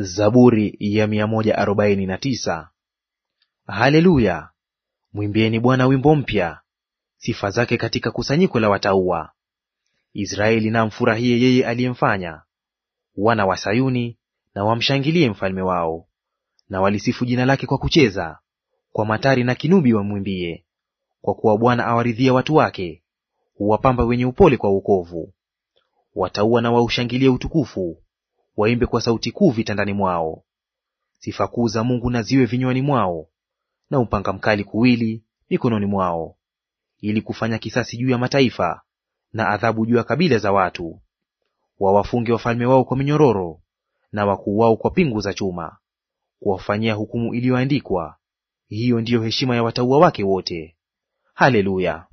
Zaburi ya 149. Haleluya! Mwimbieni Bwana wimbo mpya, sifa zake katika kusanyiko la wataua Israeli na mfurahie yeye aliyemfanya, wana wa Sayuni na wamshangilie mfalme wao. Na walisifu jina lake kwa kucheza, kwa matari na kinubi wamwimbie. Kwa kuwa Bwana awaridhia watu wake, huwapamba wenye upole kwa wokovu. wataua na waushangilie utukufu waimbe kwa sauti kuu vitandani mwao. Sifa kuu za Mungu na ziwe vinywani mwao, na upanga mkali kuwili mikononi mwao, ili kufanya kisasi juu ya mataifa na adhabu juu ya kabila za watu. Wawafunge wafalme wao kwa minyororo na wakuu wao kwa pingu za chuma, kuwafanyia hukumu iliyoandikwa. Hiyo ndiyo heshima ya watauwa wake wote. Haleluya!